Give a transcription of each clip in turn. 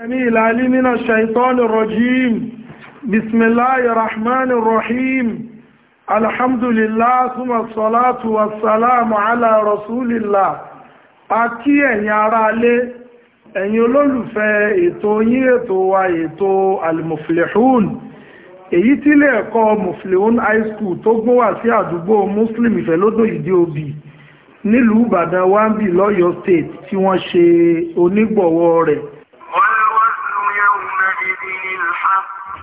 السميع العليم من الشيطان الرجيم بسم الله الرحمن الرحيم الحمد لله ثم الصلاة والسلام على رسول الله àkí ẹ̀yin aráalé ẹ̀yin olólùfẹ́ ètò yín ètò wa ètò al-muflihun èyí tí ilé ẹ̀kọ́ muflihun high school tó gbó wá sí àdúgbò muslim ìfẹ́lódò ìdí òbí nílùú ìbàdàn wambi lọ́yọ́ state tí wọ́n ṣe onígbọ̀wọ́ rẹ̀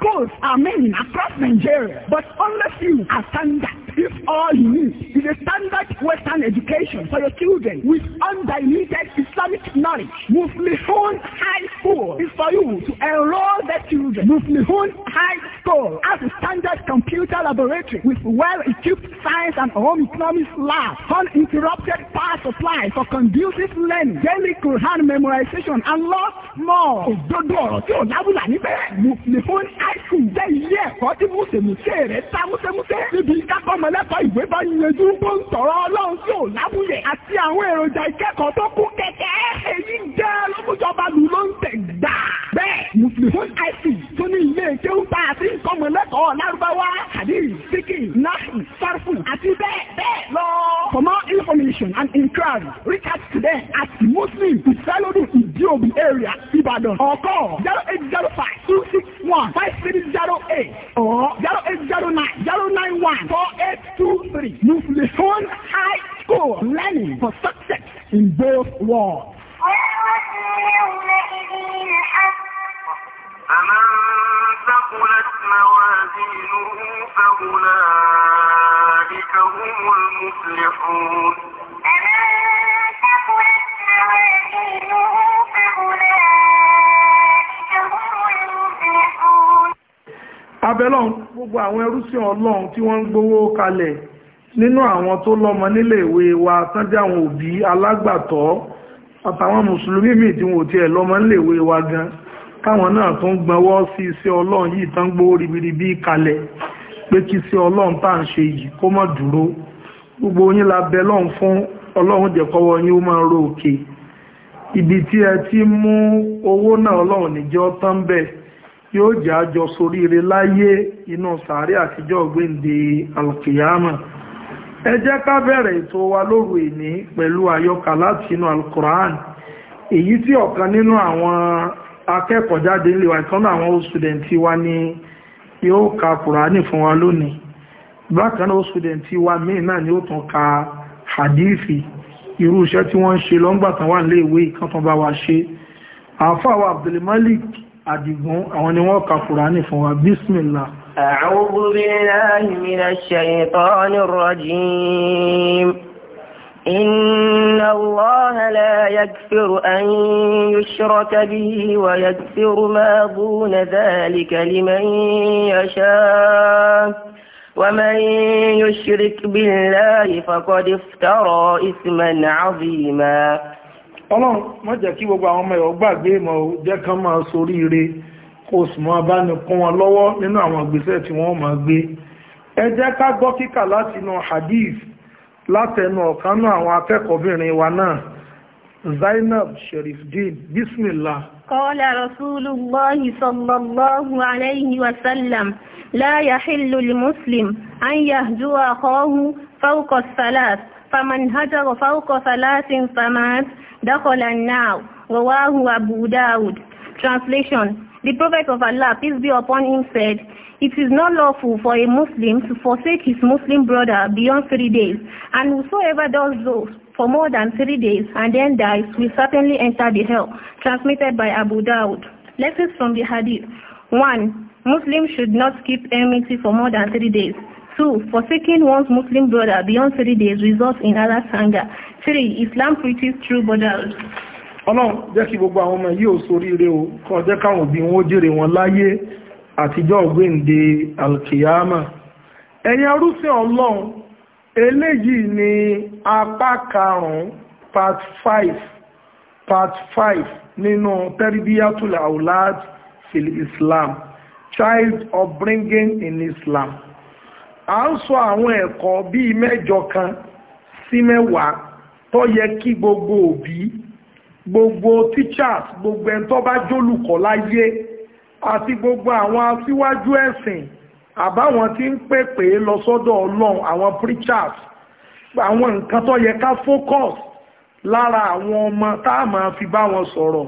goes are many across Nigeria, but only few are standard If all you need is a standard Western education for your children with undiluted Islamic knowledge, Muflihun High School is for you to enroll their children. Muflihun High School has a standard computer laboratory with well-equipped science and home economics lab, uninterrupted power supply for conducive learning, daily Quran memorization, and lots more. Òdodo ọ̀rọ̀ tí ò lábùlà níbẹ̀. Muflihun High School jẹ́ ilé ẹ̀kọ́ tí Mùsèmùsè rẹ̀ ta Mùsèmùsè. Níbi kápọ́mọ ọmọlẹ́kọ̀ọ́ ìwé bá yanjú tó ń tọ̀rọ ọlọ́run tí ò lábúyẹ̀ àti àwọn èròjà ìkẹ́kọ̀ọ́ tó kún kẹ̀kẹ́ èyí jẹ́ lọ́mújọba lù ló ń tẹ̀ gbà. bẹ́ẹ̀ mùsùlùmí àìsí tó ní ilé kéwù tá a ti ń kọ́ lárúbáwá hadith sikin nahu sarfu àti bẹ́ẹ̀ bẹ́ẹ̀ lọ. for more information and inquiry reach out to them at muslim isalodun idiobi area ibadan or call zero eight zero five two six one five three zero eight or zero eight zero nine zero nine one four eight. two, three. Muflihun High School. Planning for success in both worlds. موازينه فأولئك هم المفلحون abẹ́lọ́n gbogbo àwọn ẹrúsìn ọlọ́run tí wọ́n ń gbowó kalẹ̀ nínú àwọn tó lọ́mọ nílé ìwé wa tán jẹ́ àwọn òbí alágbàtọ́ àtàwọn mùsùlùmí míì tí wọn ò tiẹ̀ lọ́mọ nílé ìwé wa gan káwọn náà tó ń gbọ́wọ́ sí iṣẹ́ ọlọ́run yìí tán gbowó ribiribi kalẹ̀ pé kí iṣẹ́ ọlọ́run tá à ń ṣe yìí kó má dúró gbogbo yín la bẹ lọ́run fún ọlọ́run jẹ́ kọ́wọ́ yín ó máa ro òkè ibi tí ẹ ti mú owó náà ọlọ́run níjọ́ tán bẹ́ẹ̀ tí ó jẹ́ àjọ soríire láyé inú sàárẹ̀ àtijọ́ gbéǹde alkiyama ẹ jẹ́ ká bẹ̀rẹ̀ ètò wa lóru èní pẹ̀lú àyọkà láti inú alkùrán èyí tí ọ̀kan nínú àwọn akẹ́kọ̀ọ́ jáde ilé wa ìtọ́nà àwọn student wa ni yóò ka kùránì fún wa lónìí bákan náà student wa míì náà ni ó tún ka hadithi irú iṣẹ́ tí wọ́n ń ṣe lọ́ngbàtàn wà nílé ìwé ìkàntàn wa ṣe àfáà Abdulmalik àdìgún àwọn ni wọ́n ka Kùránì fún wa bísmìlá. A'udhu billahi minash shaytanir rajim. إن الله لا يكفر أن يشرك به ويكفر ما دون ذلك لمن يشاء ومن يشرك بالله فقد افترى إثما عظيما ọlọ́run má jẹ́ kí gbogbo àwọn ọmọ ẹ̀ gbàgbé mọ́ jẹ́ kán máa sorí ire kó sì máa bá wọn lọ́wọ́ nínú àwọn ìgbésẹ̀ tí wọ́n máa gbé ẹ jẹ́ ká gbọ́ kíkà láti inú hadith látẹnu ọ̀kanú àwọn akẹ́kọ̀ọ́bìnrin wa náà Zainab Sherifdeen bismillah قال رسول الله صلى الله عليه وسلم لا يحل المسلم أن يهجو أخاه فوق الثلاث فمن هجر فوق ثلاث فمات دخل النار رواه Abu Dawud Translation The Prophet of Allah, peace be upon him, said, It is not lawful for a Muslim to forsake his Muslim brother beyond three days, and whosoever does so for more than three days and then dies will certainly enter the hell. Transmitted by Abu Dawud. Lessons from the Hadith. 1. Muslims should not keep enmity for more than three days. Two, forsaking one's Muslim brother beyond three days results in Allah's anger. Three, Islam preaches true brotherhood. Ọlọ́run jẹ́ kí gbogbo àwọn ọmọ yìí ò sórí ire o, kọ́ jẹ́ káwọn òbí wọn ó jèrè wọn láyé àtijọ́ ògbéǹde Alkiyama. Ẹ̀yin arúfẹ́ Ọlọ́run, eléyìí ni apá karùn-ún part 5 part 5 nínú Tẹ́rìbíyàtùlà Aulad fil Islam, Child Upbringing in Islam à ń sọ àwọn ẹ̀kọ́ bíi mẹ́jọ kan sí mẹ́wàá tó yẹ kí gbogbo òbí gbogbo teachers gbogbo ẹni tó bá jólùkọ́ láyé àti gbogbo àwọn aṣíwájú ẹ̀sìn àbáwọn tí ń pèpè lọ sọ́dọ̀ ọlọ́run àwọn preachers àwọn nǹkan tó yẹ ká focus lára àwọn ọmọ tá a máa fi bá wọn sọ̀rọ̀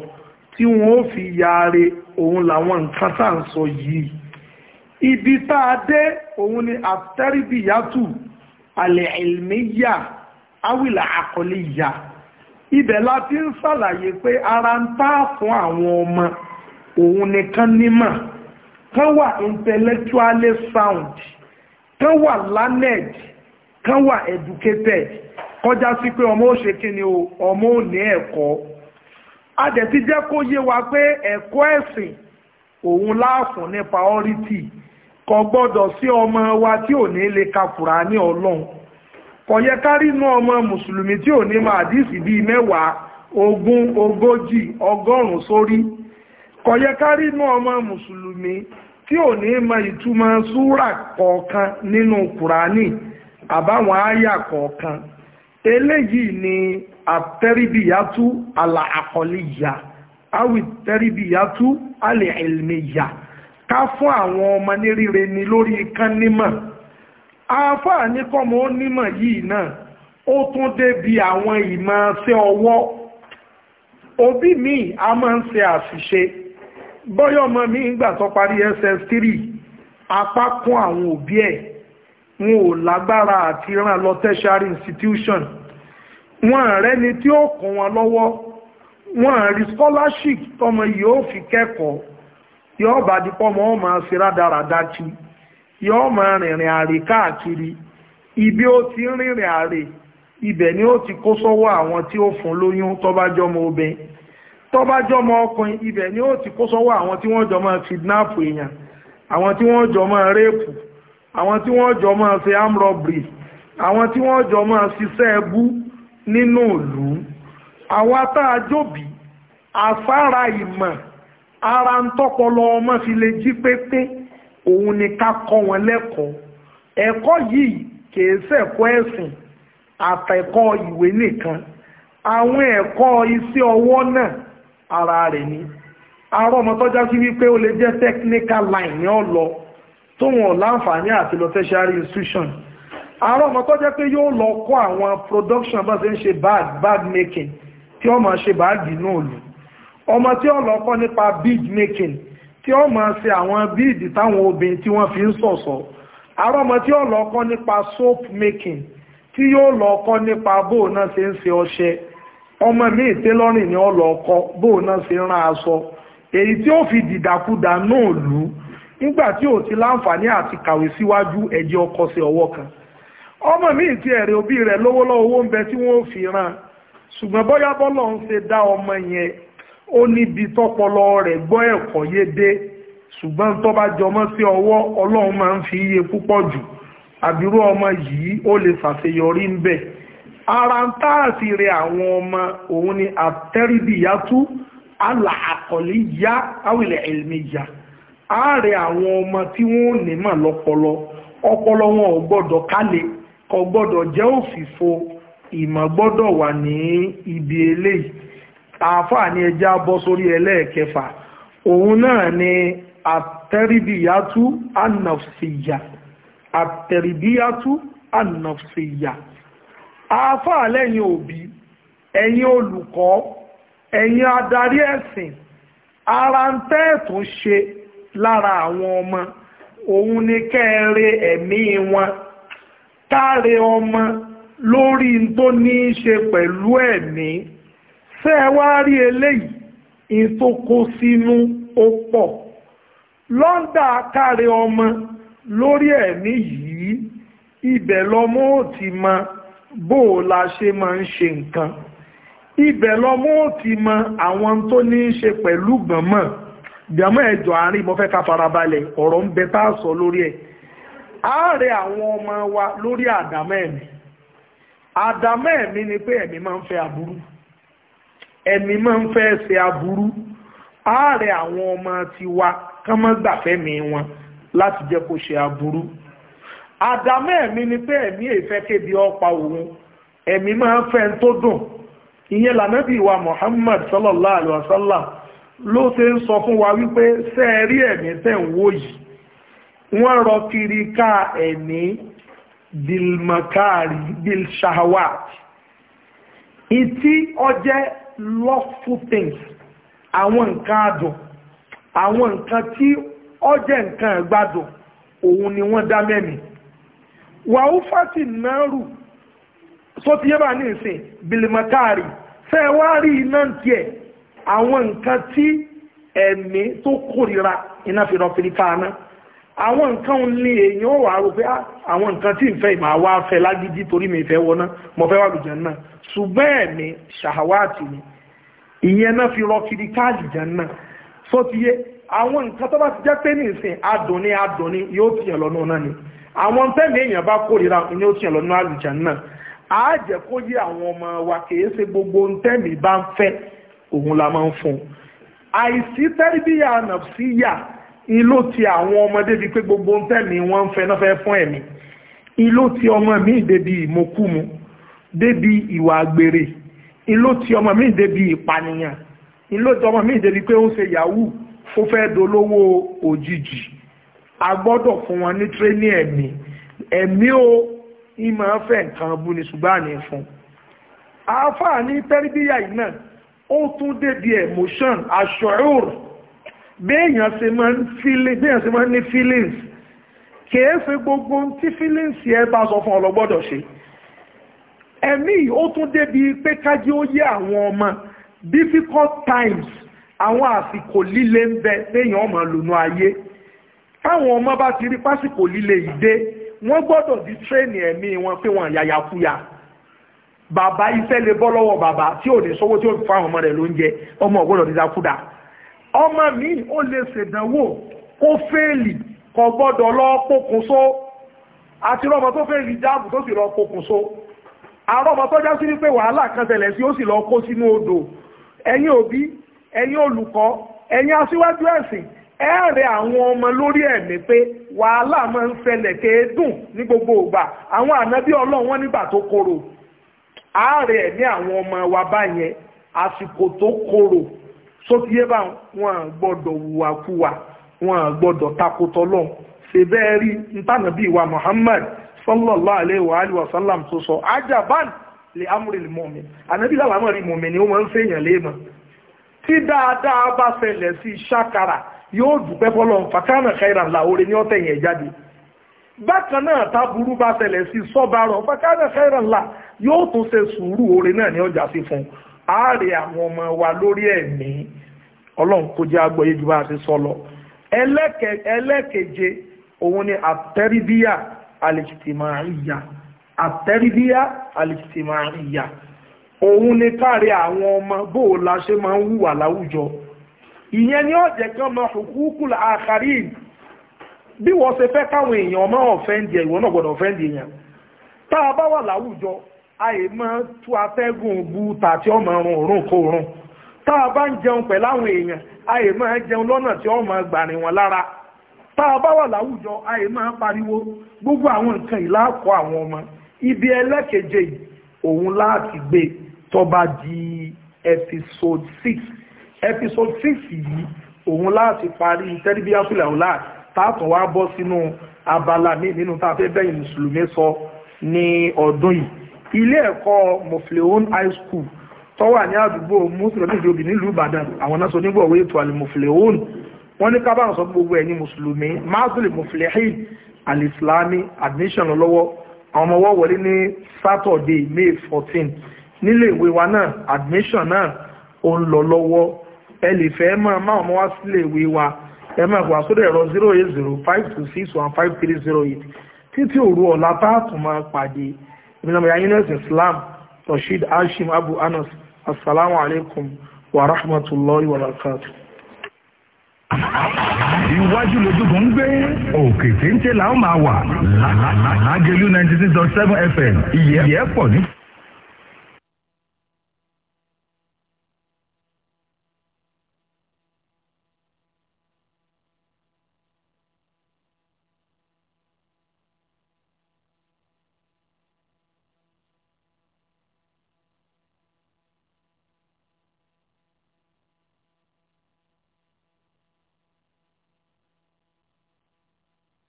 tí wọ́n ó fi yaare òun làwọn nǹkan tá à ń sọ yìí ibi tá a dé òun ni àtẹ́rìbìyàtù alẹ́ ìlmíyà awìlà àkọlíyà ibẹ̀ láti ń ṣàlàyé pé ara ń tá fún àwọn ọmọ òun nìkan nímọ̀ kán wà intellectually sound kán wà learned kán wà educated kọjá sí pé ọmọ ó ṣe kí ni ọmọ ò ní ẹ̀kọ́ a dẹ̀ ti jẹ́ kó yé wa pé ẹ̀kọ́ ẹ̀sìn òun láàfún ní priority kọ gbọdọ sí ọmọ wa tí ò ní lè ka Kùránì ọlọ́run kọ yẹ kárí inú ọmọ mùsùlùmí tí ò ní máa díìsì bíi mẹ́wàá ogún ogójì ọgọ́rùn-ún sórí kò yẹ kárí inú ọmọ mùsùlùmí tí ò ní mọ ìtumọ̀ súrà kọ̀ọ̀kan nínú Kùránì àbáwọn àyà kọ̀ọ̀kan eléyìí ni àlà àlè ká fún àwọn ọmọ ní ni lórí kán nímọ̀ àáfàá ní kọ́mọ ó nímọ̀ yìí náà ó tún débi àwọn ìmọ̀ ṣe ọwọ́ òbí mi a máa ń ṣe àṣìṣe bọ́yọ̀ ọmọ mi ń gbà tó parí ss3 apá kún àwọn òbí ẹ̀ wọn ò lágbára àti ran lọ tertiary institution wọn rẹ́ni tí ó kàn wọn lọ́wọ́ wọn rí scholarship tọmọ yìí ó fi kẹ́kọ̀ọ́ yóò bá di pọ́mọ́ ó máa ṣe rádaràda kí yóò máa rìnrìn àrè káàkiri ibi ó ti ń rìnrìn àrè ibẹ̀ ni ó ti kó sọ́wọ́ àwọn tí ó fún lóyún tó bá jọmọ obìnrin tó bá jọmọ ọkùnrin ibẹ̀ ni ó ti kó sọ́wọ́ àwọn tí wọ́n jọ máa kidnap èèyàn àwọn tí wọ́n jọ máa rẹ́pù àwọn tí wọ́n jọ máa ṣe amrobri àwọn tí wọ́n jọ máa ṣiṣẹ́ ẹbú nínú ìlú àwa tá a jóbi afárá ìmọ̀ ara ń tọ́pọlọ ọmọ fi lè jí pépé òun ni ká kọ́ wọn lẹ́kọ̀ọ́ ẹ̀kọ́ yìí kìí ṣẹ̀kọ́ ẹ̀sìn àtẹ̀kọ́ ìwé nìkan àwọn ẹ̀kọ́ iṣẹ́ ọwọ́ náà ara rẹ̀ ni ara ọmọ tọ́já sí wípé ó lè jẹ́ technical line ní ọ̀lọ́ tóun ò láǹfààní àti lọ tertiary institution ara ọmọ tọ́já pé yóò lọ kọ́ àwọn production bá ṣe ń ṣe bag bag making tí wọ́n máa ṣe báàgì náà lò ọmọ tí ó lọ kọ́ nípa bead making tí ó máa ṣe àwọn bead táwọn obìnrin tí wọ́n fi ń ṣọ̀ṣọ́ àárọ̀ ọmọ tí ó lọ kọ́ nípa soap making tí yóò lọ kọ́ nípa bóò náà ṣe ń ṣe ọṣẹ ọmọ míì tẹ́lọ́rìn ni ó lọ kọ́ bóò náà ṣe ń rán aṣọ èyí tí ó fi dìdàkudà náà lù ú nígbà tí ò ti láǹfààní àti kàwé síwájú ẹ̀jẹ̀ ọkọ sí ọwọ́ kan ọmọ míì ti ẹ̀rẹ̀ òbí rẹ̀ lọ́wọ́lọ́wọ́ owó ń bẹ tí wọ́n ò fi ràn ṣùgbọ́n bóyá bọ́lọ̀ ń ṣe dá ọmọ yẹn ó níbi tọ́pọlọ rẹ̀ gbọ́ ẹ̀kọ́ yé dé ṣùgbọ́n tó bá jọmọ́ sí ọwọ́ ọlọ́run máa ń fi iye púpọ̀ jù àbírú ọmọ yìí ó lè ṣàṣeyọrí ń bẹ̀ ara ń táàsì rẹ àwọn ọmọ òun ni àtẹ́rìbìyàtú alàkọ̀lì yá awìlẹ̀ ẹ̀lmìyà ààrẹ àwọn ọmọ tí wọ́n ní mà lọ́pọlọ ọpọlọ wọn ò gbọ́dọ̀ kálẹ̀ kò gbọ́dọ̀ jẹ́ òfìfo ìmọ̀ gbọ́dọ̀ wà ní ibi eléyìí àáfàá ni ẹjẹ́ abọ́ sórí ẹlẹ́ẹ̀kẹfà òun náà ni àtẹ̀rìbíyàtú ànàfsìyà àtẹ̀rìbíyàtú ànàfsìyà àáfàá lẹ́yìn òbí ẹ̀yin olùkọ́ ẹ̀yin adarí ẹ̀sìn ara ń tẹ́ẹ̀tù ṣe lára àwọn ọmọ òun ni kẹ́ẹ̀rẹ ẹ̀mí wọn káre ọmọ lórí tó ní í ṣe pẹ̀lú ẹ̀mí. ṣé ẹ wá rí eléyìí ìtòkó sínú ó pọ̀ lọ́ndà káre ọmọ lórí ẹ̀mí yìí ibẹ̀ lọmọ ò ti mọ bó o la ṣe máa ń ṣe nǹkan ibẹ̀ lọmọ ò ti mọ àwọn tó ní ṣe pẹ̀lú gbọ̀nmọ̀ gbọ̀nmọ̀ ẹ̀jọ̀ àárín mo fẹ́ ká farabalẹ̀ ọ̀rọ̀ ń bẹ tá a sọ lórí ẹ̀ ààrẹ àwọn ọmọ wa lórí àdámọ́ ẹ̀mí àdámọ́ ẹ̀mí ni pé ẹ̀mí máa ń fẹ́ aburú ẹ̀mí máa ń fẹ́ ṣe aburú ààrẹ àwọn ọmọ tiwa kán má gbàfẹ́mi wọn láti jẹ́ kó ṣe aburú àdámọ́ ẹ̀mí ni pé ẹ̀mí èfẹ́ kébi ọ̀pá òun ẹ̀mí máa ń fẹ́ tó dùn ìyẹn lànàbí wa Muhammad sallallahu alaihi wasallam ló ṣe ń sọ fún wa wípé sẹ́ẹ̀rí ẹ̀mí tẹ̀ ń wò yìí wọ́n rọ kiri ká ẹ̀mí bilmakari bilshahawat ìtí ọjẹ́ lawful things àwọn nǹkan adùn àwọn nǹkan tí ó jẹ́ nǹkan ìgbádùn òun ni wọ́n dá mẹ́mí wàhúfàtì náà rù tó ti yé bá ní ìsìn bilimakari fẹ́ wá rí iná tiẹ̀ àwọn nǹkan tí ẹ̀mí tó kórira iná fi rọ̀ fi ká náà àwọn nǹkan ní èèyàn wà rò pé ah, àwọn nǹkan tí ìfẹ́ ìmọ̀ àwa fẹ́ lágídí torí mi fẹ́ wọná mo fẹ́ wà lùjẹ́ náà ṣùgbọ́n ẹ̀mí ṣàwáàtì ni ìyẹn náà fi rọ kiri káàdì jẹ́ náà sọ ti yé àwọn nǹkan tó bá ti jẹ́ pé nìsín adùn ní yóò tiẹ̀ lọ́nà náà ni àwọn tẹ́lẹ̀ èèyàn bá kórìíra ní ó tiẹ̀ lọ́nà àlùjá náà á jẹ́ kó yé àwọn ọmọ wa kìí ṣe gbogbo tẹ́lẹ̀ bá ń fẹ́ òun la máa ń fún àìsí tẹ́lẹ̀ bí yà nàfsíyà ìlò ti àwọn ọmọdé bíi pé gbogbo ń tẹ̀mí wọ́n ń fẹ́ náà fẹ́ fún ẹ̀mí ìlò ti ọmọ mi débi ìmọ̀kúmu débi ìwà àgbèrè ìlò ti ọmọ mi débi ìpànìyàn ìlò ti ọmọ mi débi pé ó ṣe yahoo ó fẹ́ dolówó òjijì a gbọ́dọ̀ fún wọn ní tírénì ẹ̀mí ẹ̀mí o ìmọ̀ fẹ́ nǹkan bú ni ṣùgbọ́n àní fún àáfàá ní tẹ́rìbíyà yìí náà ó tún débi emotion aṣọ́rọ̀ béèyàn ṣe máa ń ní feelings kìí ṣe gbogbo tí feelings yẹ bá sọ fún ọlọ́gbọ́dọ̀ ṣe ẹ̀mí ó tún débi pé kájí ó yé àwọn ọmọ difficult times àwọn àsìkò líle ń bẹ béèyàn ọmọ lónú ayé táwọn ọmọ bá ti rí pásìkò líle ìdé wọ́n gbọ́dọ̀ di tírẹ́nì ẹ̀mí wọn pé wọ́n yàyàkúyà bàbá iṣẹ́ lè bọ́ lọ́wọ́ bàbá tí ò ní sọ́wọ́ tí ó fi fáwọn ọmọ rẹ̀ lóúnjẹ ọmọ ọ̀gbọ́dọ̀ dídákúdà ọmọ mi o lè ṣèdánwò kó fèèlì kọ gbọ́dọ̀ lọ pokùnso àti rọmọ tó fèèlì jáàbù tó sì lọ pokùnso àrọmọ tó já sí wàhálà kan tẹ̀lẹ̀ sí ó sì lọ kó sínú odò ẹ̀yìn òbí ẹ̀yìn olùkọ́ ọmọ lórí ẹ̀mí pé wàhálà máa ń kéédùn ní gbogbo ìgbà àwọn ànábí nígbà tó ààrẹ ẹ̀mí ọmọ wa báyẹn àsìkò tó sótìyébà wọn gbọ́dọ̀ wùwàkuwà wọn gbọ́dọ̀ takùtọ̀ lọ ṣe bẹ́ẹ̀ rí wa Muhammad sallallahu alayhi wa alihi ajaban lè amúrè lè mọ̀mí ànábì láwọn mọ̀mí ni wọ́n máa ń fèèyàn léèmọ̀ tí dáadáa bá ṣẹlẹ̀ sí ṣàkàrà yóò dùpẹ́ bọ́lọ̀ fàkànà kẹrà làwọ̀rẹ́ jáde bákan náà táburú bá sí sọ́bàrọ̀ fàkànà là yóò tún fún àárẹ̀ àwọn ọmọ wa lórí ẹ̀mí ọlọ́run kó jẹ́ agbọ̀yé ju bá a ti sọ lọ ẹlẹ́kẹ̀je òun ni àtẹ́ríbíyà alìkìtìmáàríyà àtẹ́ríbíyà alìkìtìmáàríyà òun ni káàrí àwọn ọmọ bó o la ṣe máa ń hùwà láwùjọ ìyẹn ni ọ̀jẹ̀ kan máa hùkúkú àkàrí bí wọ́n ṣe fẹ́ káwọn èèyàn máa ọ̀fẹ́ndì ẹ̀ ìwọ náà gbọ́dọ̀ ọ̀fẹ́ndì èèyàn tá a bá wà láwùjọ àyè máa tú atẹ́gùn bu tàbí ọmọ rùn òórùn kó rùn tá a bá ń jẹun pẹ̀lú àwọn èèyàn àyè máa jẹun lọ́nà tí ọmọ gbàrin wọn lára tá a bá wà láwùjọ àyè máa pariwo gbogbo àwọn nǹkan ìlàkọ̀ àwọn ọmọ ibi ẹlẹ́keje òun láti gbé tó di episode six episode six yìí òun láti parí tẹ́lifíàfúlẹ̀ ọ̀hún láti tààtàn wá bọ́ sínú abala mi nínú tá a fẹ́ bẹ́yìn mùsùlùmí sọ ní ọdún yìí ilé ẹ̀kọ́ mufleon high school tó wà ní àdúgbò mùsùlùmí ìjọbi nílùú ìbàdàn àwọn náà sọ nígbà owó ètò alimufleon wọ́n ní kábàrún sọ gbogbo ẹ̀yin mùsùlùmí mazuli muflehin alislami admission lọ́wọ́ àwọn ọmọ wọ́n wọlé ní saturday may fourteen. nílé ìwé wa náà admission náà ó ń lọ lọ́wọ́ ẹ lè fẹ́ máa máa ọmọ wá sílé ìwé wa ẹ máa gbà sódò ẹ̀rọ 08052615308 títí òru ọ̀la táàtù máa pàdé ìmìnàmù yayinus islam rashid hashim abu anas assalamu alaikum wa rahmatullahi wa barakatuh. Iwájú lójúkọ̀ ń gbé òkè téńté làwọn máa wà lágẹ̀lú ninety fm ìyẹ́ pọ̀ ní.